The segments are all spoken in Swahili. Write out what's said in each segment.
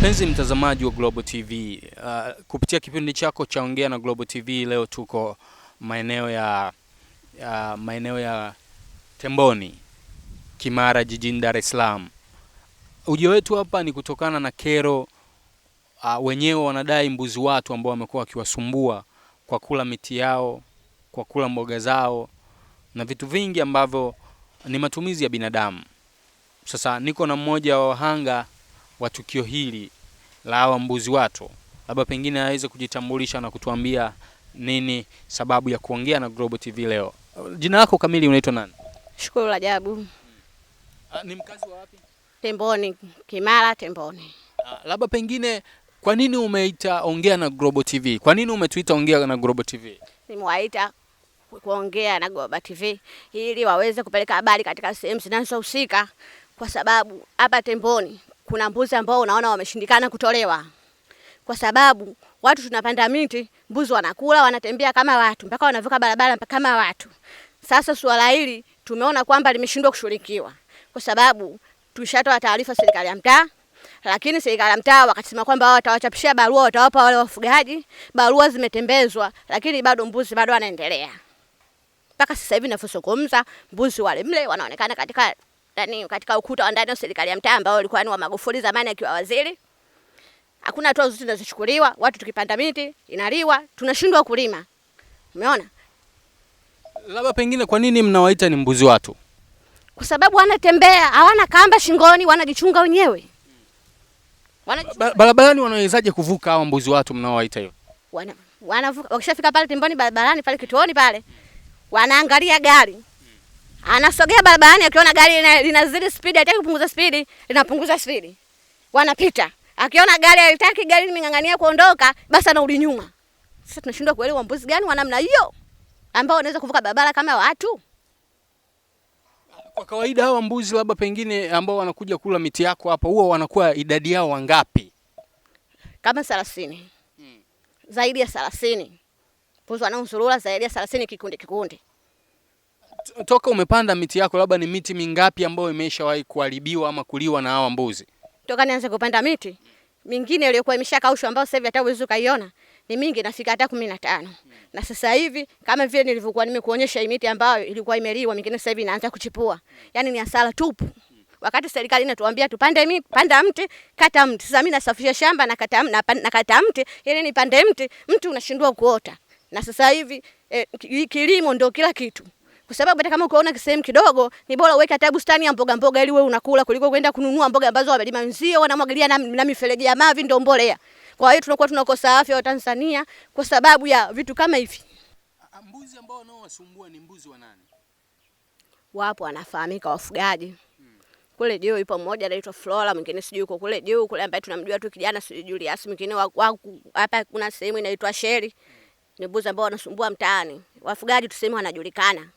Mpenzi mtazamaji wa Global TV, uh, kupitia kipindi chako cha ongea na Global TV leo tuko maeneo ya, uh, maeneo ya Temboni Kimara jijini Dar es Salaam. Ujio wetu hapa ni kutokana na kero uh, wenyewe wanadai mbuzi watu ambao wamekuwa wakiwasumbua kwa kula miti yao, kwa kula mboga zao na vitu vingi ambavyo ni matumizi ya binadamu. Sasa niko na mmoja wa wahanga wa tukio hili la hawa mbuzi watu, labda pengine aweze kujitambulisha na kutuambia nini sababu ya kuongea na Global TV leo. Jina lako kamili unaitwa nani? Shukuru Rajabu. Ah, ni mkazi wa wapi? Temboni, Kimara Temboni. Ah, labda pengine kwa nini umeita ongea na Global TV? Kwa nini umetuita ongea na Global TV? Nimewaita kuongea na Global TV ili waweze kupeleka habari katika sehemu zinazohusika, kwa sababu hapa Temboni kuna mbuzi ambao unaona wameshindikana kutolewa, kwa sababu watu tunapanda miti, mbuzi wanakula, wanatembea kama watu, mpaka wanavuka barabara kama watu. Sasa suala hili tumeona kwamba limeshindwa kushughulikiwa kwa sababu tulishatoa taarifa serikali ya mtaa, lakini serikali ya mtaa wakasema kwamba wao watawachapishia barua, watawapa wale wafugaji. Barua zimetembezwa, lakini bado mbuzi bado wanaendelea mpaka sasa hivi ninavyozungumza, mbuzi wale mle wanaonekana katika ndani katika ukuta wa ndani wa serikali ya mtaa ambao walikuwa ni wa Magufuli zamani akiwa waziri. Hakuna hatua zozote zinazochukuliwa. Watu tukipanda miti inaliwa, tunashindwa kulima. Umeona? Labda pengine kwa nini mnawaita ni mbuzi watu? Kwa sababu wanatembea, hawana kamba shingoni, wanajichunga wenyewe. Wanajichunga. Barabarani wanawezaje kuvuka hawa mbuzi watu mnaowaita hiyo? Wana wanavuka wakishafika pale timboni barabarani pale kituoni pale. Wanaangalia gari anasogea barabarani, akiona gari linazidi spidi, hataki kupunguza spidi, linapunguza spidi, wanapita. Akiona gari halitaki gari limeng'ang'ania kuondoka, basi anarudi nyuma. Sasa tunashindwa kuelewa mbuzi gani wa namna hiyo ambao wanaweza kuvuka barabara kama watu kwa kawaida. Hawa mbuzi labda pengine ambao wanakuja kula miti yako hapa, huwa wanakuwa idadi yao wangapi? Kama thelathini, hmm. zaidi ya thelathini mbuzi wanaozurura zaidi ya thelathini, kikundi kikundi toka umepanda miti yako, labda ni miti mingapi ambayo imeshawahi kuharibiwa ama kuliwa na hawa mbuzi? Toka nianze kupanda miti mingine iliyokuwa imeshakaushwa ambayo sasa hivi hata uwezo kaiona ni mingi, nafika hata 15. na Na sasa hivi kama vile nilivyokuwa nimekuonyesha, miti ambayo ilikuwa imeliwa mingine sasa hivi inaanza kuchipua, yaani ni hasara tupu. Wakati serikali inatuambia tupande mi, panda mti, kata mti. Sasa mimi nasafisha shamba na kata na, na kata mti ili nipande mti, mti unashindwa kuota. Na sasa hivi eh, kilimo ndio kila kitu kwa sababu hata kama ukiona kisehemu kidogo, ni bora uweke hata bustani ya mboga mboga, ili wewe unakula kuliko kwenda kununua mboga ambazo wamelima nzio wanamwagilia na, na mifereji ya mavi ndio mbolea. Kwa hiyo tunakuwa tunakosa afya wa Tanzania kwa sababu ya vitu kama hivi. Ah, mbuzi ambao wanaowasumbua ni mbuzi wa nani? Wapo wanafahamika wafugaji hmm. kule juu ipo mmoja anaitwa Flora, mwingine sijui yuko kule juu kule, ambaye tunamjua tu kijana sijui Julius, mwingine hapa kuna sehemu inaitwa Sheri. Hmm. Ni mbuzi ambao wanasumbua mtaani, wafugaji tuseme wanajulikana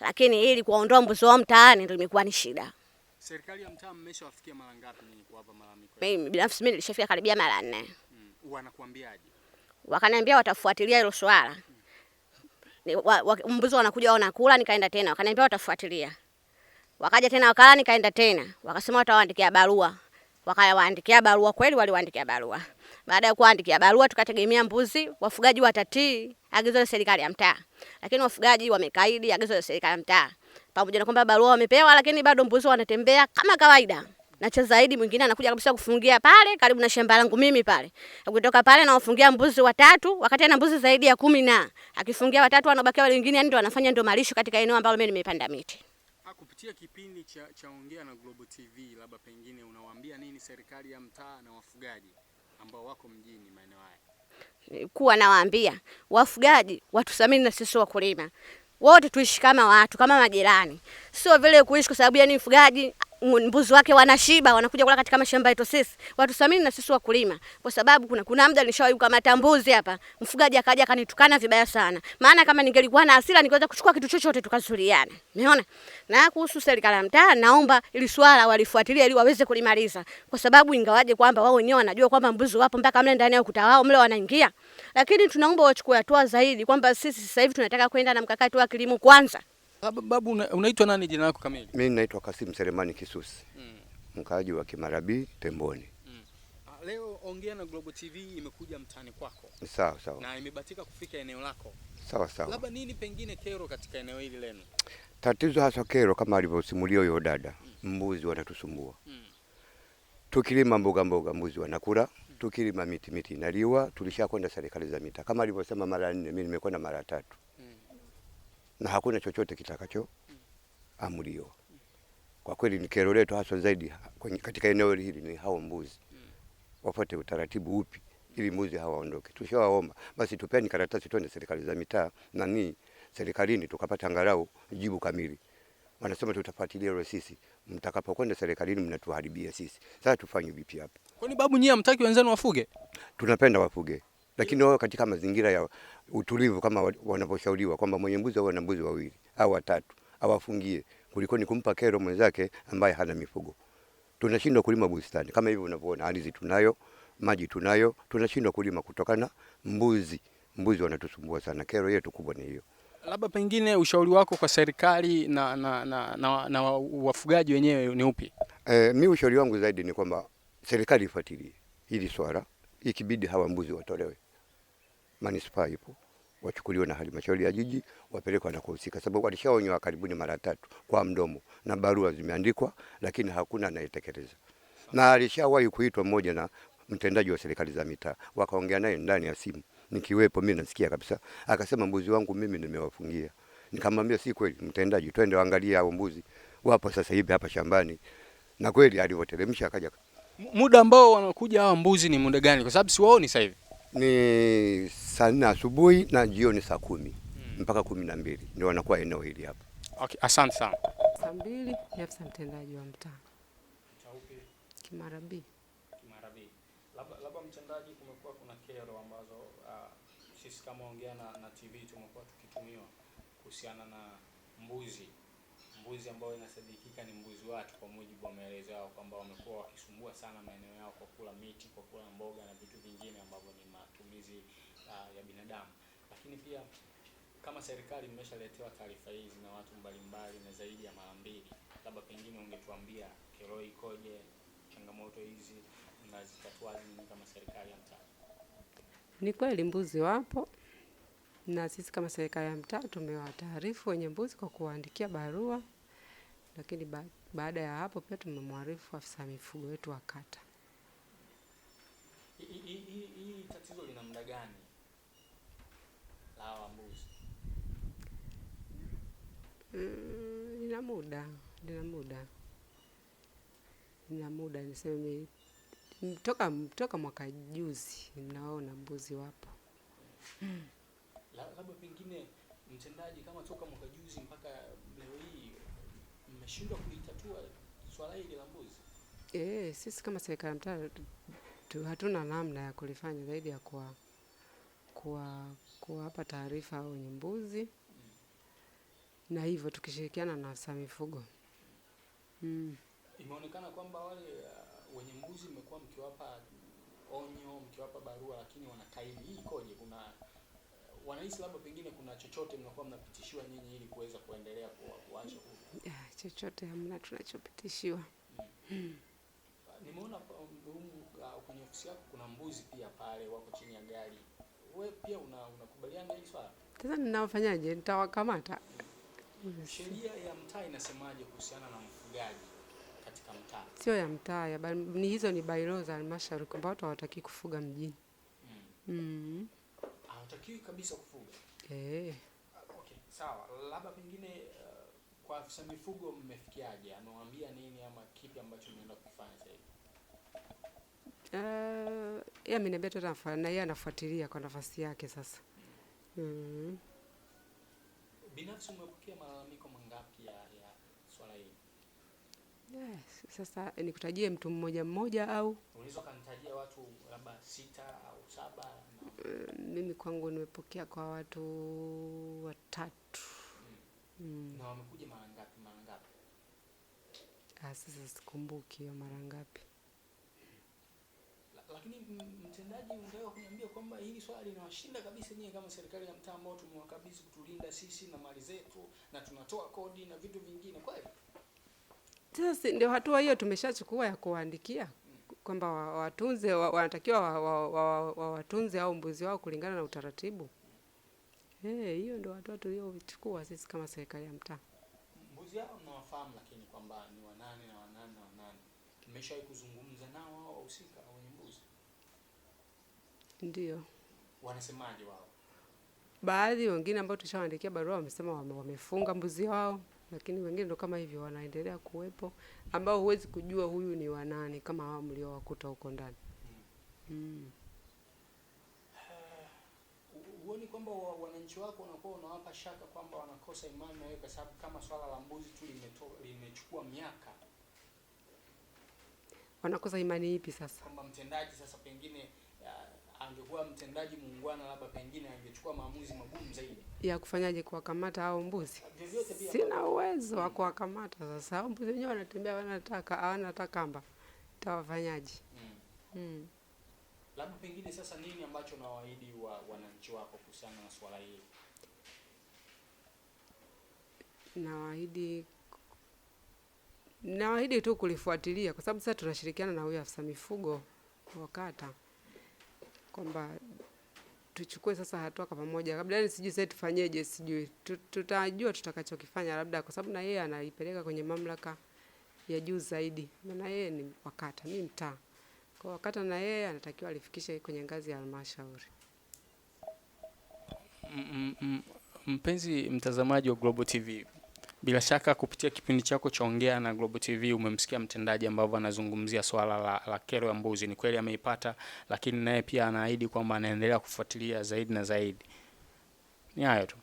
lakini ili kuwaondoa mbuzi wao mtaani ndio imekuwa ni shida. Serikali ya mtaa mmeshawafikia mara ngapi nyinyi kuwapa malalamiko? Mimi binafsi mimi nilishafika karibia mara nne. Mm. Wanakuambiaje? Wakaniambia watafuatilia hilo swala. Mm. mbuzi wanakuja wanakula, nikaenda tena, wakaniambia watafuatilia. Wakaja tena wakala, nikaenda tena, wakasema watawaandikia barua wakayawaandikia barua. Kweli waliwaandikia barua. Baada ya kuandikia barua, tukategemea mbuzi wafugaji watatii agizo la serikali ya mtaa, lakini wafugaji wamekaidi agizo la serikali ya mtaa. Pamoja na kwamba barua wamepewa, lakini bado mbuzi wanatembea kama kawaida na cha zaidi, mwingine anakuja kabisa kufungia pale karibu na shamba langu mimi pale. Akitoka pale na wafungia mbuzi watatu, wakati ana mbuzi zaidi ya kumi na akifungia watatu, anabakia wale wengine, yaani ndio anafanya ndio malisho katika eneo ambalo mimi nimepanda miti kupitia kipindi cha, cha Ongea na Global TV, labda pengine unawaambia nini serikali ya mtaa na wafugaji ambao wako mjini maeneo haya? Kuwa nawaambia wafugaji watuthamini na sisi wakulima wote tuishi kama watu kama majirani, sio vile kuishi kwa sababu yani mfugaji mbuzi wake wanashiba, wanakuja kula katika mashamba yetu sisi watu samini na sisi wakulima, kwa sababu kuna kuna muda nishawahi kukamata mbuzi hapa, mfugaji akaja akanitukana vibaya sana. Maana kama ningelikuwa na hasira ningeweza kuchukua kitu chochote tukazuliana, umeona. Na kuhusu serikali ya mtaa, naomba ili swala walifuatilia ili waweze kulimaliza, kwa sababu ingawaje kwamba wao wenyewe wanajua kwamba mbuzi wapo mpaka mle ndani ya ukuta wao mle wanaingia, lakini tunaomba wachukue hatua zaidi, kwamba sisi sasa hivi tunataka kwenda na mkakati wa kilimo kwanza. Babu, unaitwa nani jina lako kamili? Mimi naitwa Kasim Selemani Kisusi mm. mkaaji wa Kimarabi Pemboni mm. Ah, leo Ongea na Global TV imekuja mtaani kwako. Sawa sawa. Na imebatika kufika eneo lako. Sawa sawa. Labda nini pengine kero katika eneo hili lenu? Tatizo hasa kero kama alivyosimulia huyo dada mm. mbuzi wanatusumbua mm. tukilima mboga mboga mbuzi wanakula mm. tukilima miti miti inaliwa. Tulishakwenda serikali za mitaa kama alivyosema mara nne, mimi nimekwenda mara tatu mm na hakuna chochote kitakachoamriwa. Kwa kweli ni kero letu haswa zaidi katika eneo hili ni hao mbuzi, wapate utaratibu upi ili mbuzi hawaondoke. Tushawaomba basi, tupeni karatasi twende serikali za mitaa na nii serikalini tukapata angalau jibu kamili. Wanasema tutafuatilia hilo sisi, mtakapokwenda serikalini mnatuharibia sisi. Sasa tufanye vipi hapa? Kwani babu, nyie hamtaki wenzenu wafuge? Tunapenda wafuge, lakini wao katika mazingira ya utulivu kama wanavyoshauriwa kwamba mwenye mbuzi awe na mbuzi wawili au watatu awafungie kuliko ni kumpa kero mwenzake ambaye hana mifugo. Tunashindwa kulima bustani kama hivyo unavyoona, ardhi tunayo, maji tunayo, tunashindwa kulima kutokana mbuzi. Mbuzi wanatusumbua sana, kero yetu kubwa ni hiyo. Labda pengine ushauri wako kwa serikali na, na, na, na, na wafugaji wenyewe ni upi? E, mi ushauri wangu zaidi ni kwamba serikali ifuatilie hili swala, ikibidi hawa mbuzi watolewe manispaa ipo, wachukuliwe na halmashauri ya jiji wapelekwe wanakohusika, sababu walishaonywa karibuni mara tatu kwa mdomo na barua zimeandikwa, lakini hakuna anayetekeleza. Na alishawahi kuitwa mmoja na mtendaji wa serikali za mitaa, wakaongea naye ndani ya simu, nikiwepo mimi nasikia kabisa. Akasema mbuzi wangu mimi nimewafungia. Nikamwambia si kweli mtendaji, twende waangalie hao mbuzi wapo sasa hivi hapa shambani. Na kweli alivyoteremsha akaja. Muda ambao wanakuja hawa mbuzi ni muda gani? Kwa sababu waoni sasa hivi ni saa nne asubuhi na jioni saa kumi hmm, mpaka kumi na mbili ndio wanakuwa eneo hili hapa. Okay, asante sana. Saa mbili ni afisa mtendaji wa mtaa Kimarabi. Kimarabi. Labda labda mtendaji, kumekuwa kuna kero ambazo uh, sisi kama ongea na, na TV tumekuwa tukitumiwa kuhusiana na mbuzi mbuzi ambao inasadikika ni mbuzi watu, kwa mujibu wa maelezo yao kwamba wamekuwa wakisumbua sana maeneo yao kwa kula miti, kwa kula mboga na vitu vingine ambavyo ni matumizi uh, ya binadamu. Lakini pia kama serikali mmeshaletewa taarifa hizi na watu mbalimbali na zaidi ya mara mbili, labda pengine ungetuambia kero ikoje, changamoto hizi mnazitatuaje kama serikali ya mtaa? Ni kweli mbuzi wapo na sisi kama serikali ya mtaa tumewataarifu wenye mbuzi kwa kuwaandikia barua, lakini ba baada ya hapo pia tumemwarifu afisa mifugo wetu wa kata. Hii tatizo lina muda gani la mbuzi? Mm, lina muda lina muda lina muda niseme toka toka mwaka juzi, naona mbuzi wapo. Hmm labda pengine mtendaji, kama toka mwaka juzi mpaka leo hii mmeshindwa kulitatua swala hili la mbuzi? E, sisi kama serikali mtaa hatuna namna ya kulifanya zaidi ya kuwa kuwa kuwapa taarifa wenye mbuzi hmm. na hivyo tukishirikiana na afisa mifugo mm. Imeonekana kwamba wale uh, wenye mbuzi mmekuwa mkiwapa onyo mkiwapa barua, lakini wanakaidi. Ikoje? kuna wanahisi labda pengine kuna chochote mnakuwa mnapitishiwa nyinyi ili kuweza kuendelea kuacha huko? Ah, chochote hamna tunachopitishiwa. Hmm. Nimeona um, um, uh, kwenye ofisi yako kuna mbuzi pia pale wako chini ya gari. Wewe pia unakubaliana una na hili swala? Sasa ninawafanyaje? Nitawakamata. Hmm. Sheria ya mtaa inasemaje kuhusiana na mfugaji katika mtaa? Sio ya mtaa, ya ni hizo ni bylaws za halmashauri kwamba watu hawataki kufuga mjini. Mm. Hmm. hmm hatakiwi kabisa kufuga eh. Okay, sawa. Labda pengine uh, kwa afisa mifugo mmefikiaje? Amewaambia nini ama kipi ambacho mnaenda kufanya sasa hivi? Uh, yeye ameniambia tu na yeye anafuatilia kwa nafasi yake sasa. Mm. Binafsi umepokea malalamiko Yes, sasa nikutajie mtu mmoja mmoja au unaweza kanitajia watu labda sita au saba? Na... Eh, mimi kwangu nimepokea kwa watu watatu. Mm. Na wamekuja mara ngapi mara ngapi? Ah, sasa sikumbuki hiyo mara ngapi. Lakini mtendaji, ungeweza kuniambia kwamba hili swala linawashinda kabisa nyinyi kama serikali ya mtaa ambao tumewakabidhi kutulinda sisi na mali zetu na tunatoa kodi na vitu vingine kweli? Sasa ndio hatua hiyo tumeshachukua ya kuwaandikia kwamba watunze wa, wanatakiwa wawatunze wa, wa, wa, au mbuzi wao kulingana na utaratibu. Hey, eh, hiyo ndio hatua tuliochukua sisi kama serikali ya mtaa. Mbuzi hao mnawafahamu, lakini kwamba ni wanane na wanane na wanane. Tumeshawahi kuzungumza nao hao wahusika wenye mbuzi? Ndio. Wanasemaje wao? Baadhi wengine ambao tushawaandikia barua wamesema wamefunga mbuzi wao lakini wengine ndo kama hivyo wanaendelea kuwepo, ambao huwezi kujua huyu ni wanani, kama hawa mliowakuta huko ndani mm. Huoni kwamba wananchi wako wanakuwa unawapa shaka kwamba wanakosa imani na wewe, kwa sababu kama swala la mbuzi tu limechukua miaka, wanakosa imani ipi sasa kwamba mtendaji sasa pengine ya, ah, angekuwa mtendaji muungwana, labda pengine angechukua maamuzi magumu zaidi ya kufanyaje, kuwakamata hao mbuzi. Sina uwezo wa kuwakamata sasa. Hao mbuzi wenyewe wanatembea, wanataka hawana kamba, tawafanyaje? mm. mm. Labda pengine sasa, nini ambacho unawaahidi wa wananchi wako kuhusiana na swala hili? Nawaahidi nawaahidi tu kulifuatilia, kwa sababu sasa tunashirikiana na huyo afisa mifugo wa kata kwamba tuchukue sasa hatua kwa pamoja, kabla ni sijui sasa tufanyeje, sijui tutajua tutakachokifanya, labda kwa sababu na yeye anaipeleka kwenye mamlaka ya juu zaidi, maana yeye ni wakata, mimi mtaa kwa wakata, na yeye anatakiwa alifikishe kwenye ngazi ya halmashauri. Mpenzi mtazamaji wa Global TV, bila shaka kupitia kipindi chako cha Ongea na Global TV umemsikia mtendaji ambavyo anazungumzia swala la, la kero ya mbuzi. Ni kweli ameipata, lakini naye pia anaahidi kwamba anaendelea kufuatilia zaidi na zaidi. Ni hayo tu.